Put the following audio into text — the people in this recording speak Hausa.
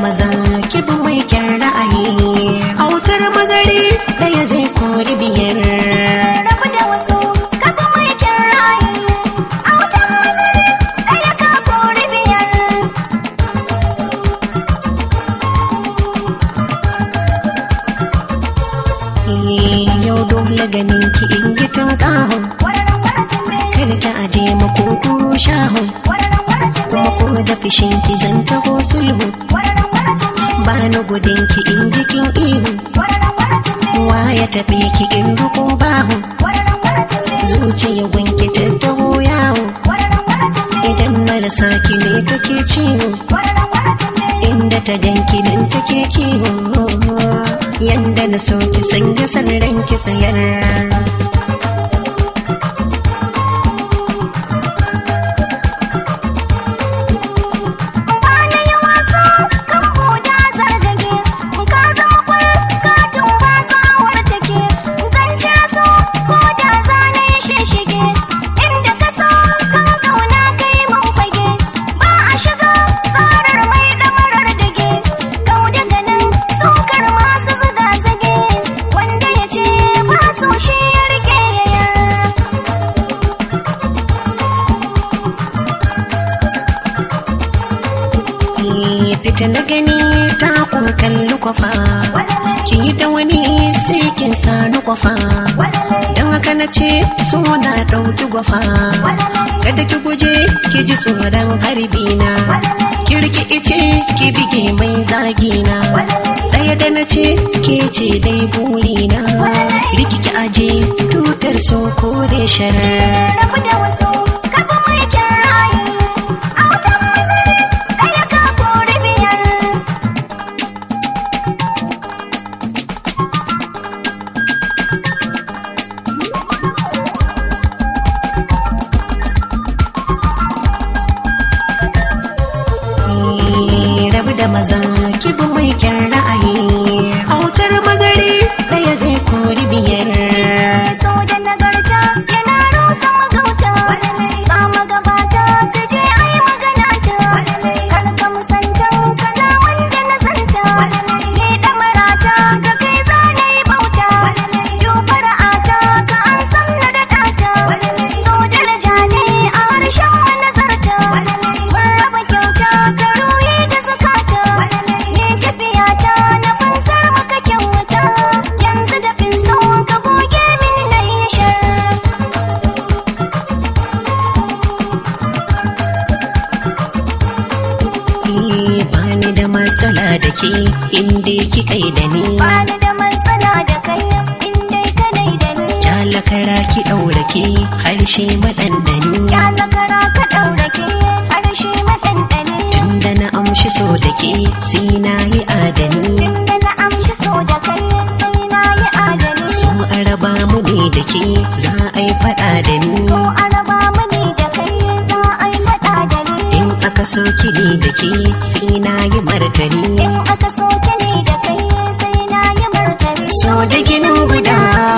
mazan kibi mai kyan ra'ayi a wutar mazari ɗaya zai kori biyar eh, yau dole ganin ki in gitan kahon kada ki aje makunkuru shahon kuma ko da fishin ki zanta ko sulhu bani gudun ki in jikin ihu waya ya tafi ki in rukun bahu zuciya wanke tattaho yawo idan marasa ki ne take ciwo inda ta ganki nan take kiwo yanda na so ki sanya sanran ranki sayar fita na gani ta kurkan kalli ki yi da wani sai kin sani kwafa don haka na ce so na ɗauki gwafa kada ki guje ki ji tsoron harbi na ki riki ice ki bige mai zagi na ɗaya da na ce ke ce dai buri na rikiki aje tutar so kore sharar ¡Gracias! mansala da ke inda kika kai da ni bani da mansala da kai inda kana da ni kyalakara ki ɗaura ke harshe madandani kyalakara ka ɗaura ke harshe madandani tunda na amshi so da ke sai na yi adani tunda na amshi so da kai sai na yi adani so araba mu ne da ke za a yi fada da ni so araba aka soke ni da ke sai na yi martani in aka soke ni da kai sai na yi martani so da ginin guda